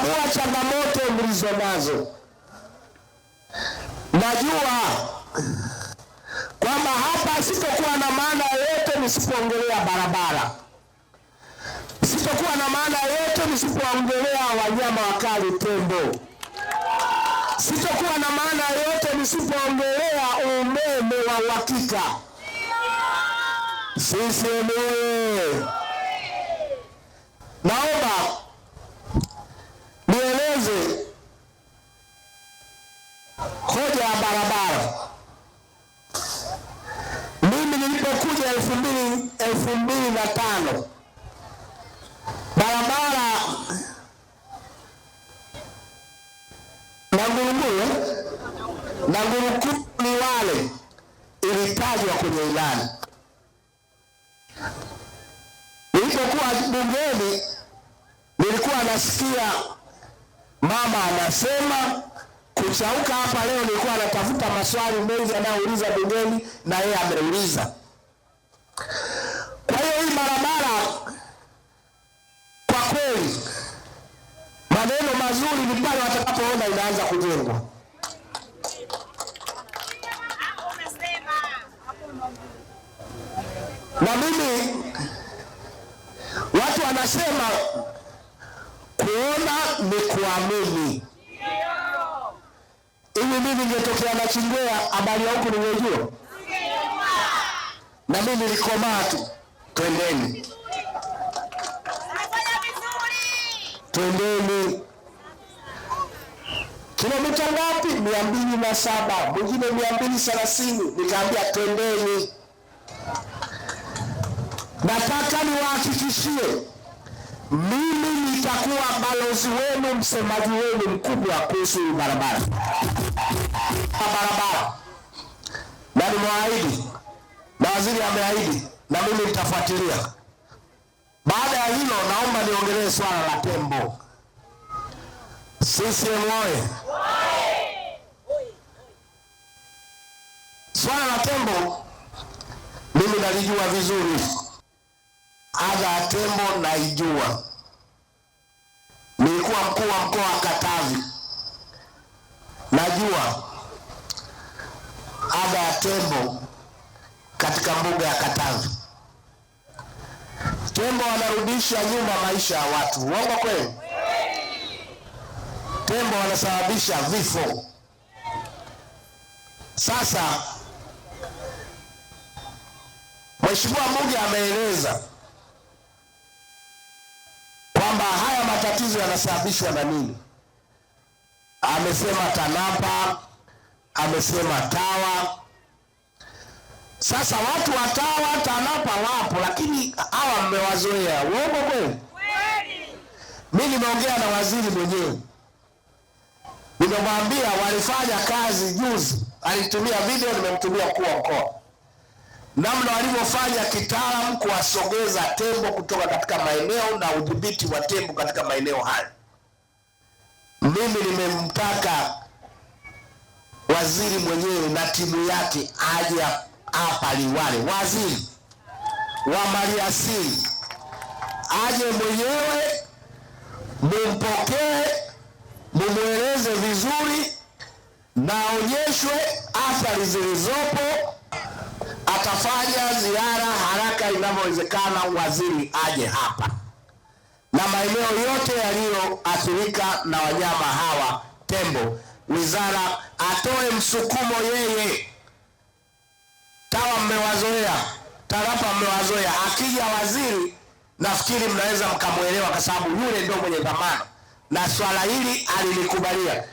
kutambua changamoto mlizo nazo. Najua kwamba hapa sitokuwa na maana yoyote nisipoongelea barabara, sitokuwa na maana yoyote nisipoongelea wanyama wakali tembo, sitokuwa na maana yoyote nisipoongelea umeme wa uhakika. Sisi Naomba hoja ya barabara. Mimi nilipokuja elfu mbili elfu mbili na tano barabara Nangurukuru ni wale ilitajwa kwenye ilani. Nilipokuwa bungeni, nilikuwa nasikia mama anasema Kushauka hapa leo nilikuwa anatafuta maswali mengi anayouliza bungeni na yeye ameuliza. Kwa hiyo hii barabara kwa kweli maneno mazuri ni pale watakapoona inaanza kujengwa. Na mimi watu wanasema kuona ni kuamini hivi mimi niliyotokea Nachingwea, habari ya huku niliyojua, na mimi nilikomaa tu. Twendeni, twendeni. Kilomita ngapi? mia mbili na saba mwingine mia mbili thelathini Nikaambia twendeni. Nataka niwahakikishie mimi nitakuwa balozi wenu, msemaji wenu mkubwa kuhusu barabara barabara, na nimewaahidi na waziri ameahidi, na mimi nitafuatilia. Baada ya hilo, naomba niongelee swala la tembo. CCM oye! Swala la tembo mimi nalijua vizuri aga tembo naijua. Nilikuwa mkuu wa mkoa wa Katavi, najua aga ya tembo katika mbuga ya Katavi. Tembo wanarudisha nyuma maisha ya watu, uongo kweli? Tembo wanasababisha vifo. Sasa Mheshimiwa Mungu ameeleza matatizo yanasababishwa na nini? Amesema TANAPA, amesema TAWA. Sasa watu wa TAWA TANAPA wapo, lakini hawa mmewazoea. Uongo kweli? Mi nimeongea na waziri mwenyewe, nimemwambia walifanya kazi juzi, alitumia video, nimemtumia mkuu wa mkoa namna walivyofanya kitaalamu kuwasogeza tembo kutoka katika maeneo na udhibiti wa tembo katika maeneo hayo. Mimi nimemtaka waziri mwenyewe na timu yake aje hapa Liwale, waziri wa maliasili aje mwenyewe, mumpokee, mumweleze vizuri na athari zilizopo atafanya ziara haraka inavyowezekana, waziri aje hapa na maeneo yote yaliyoathirika na wanyama hawa tembo, wizara atoe msukumo yeye. Tawa mmewazoea, tarafa mmewazoea. Akija waziri, nafikiri mnaweza mkamwelewa, kwa sababu yule ndio mwenye dhamana na swala hili alilikubalia.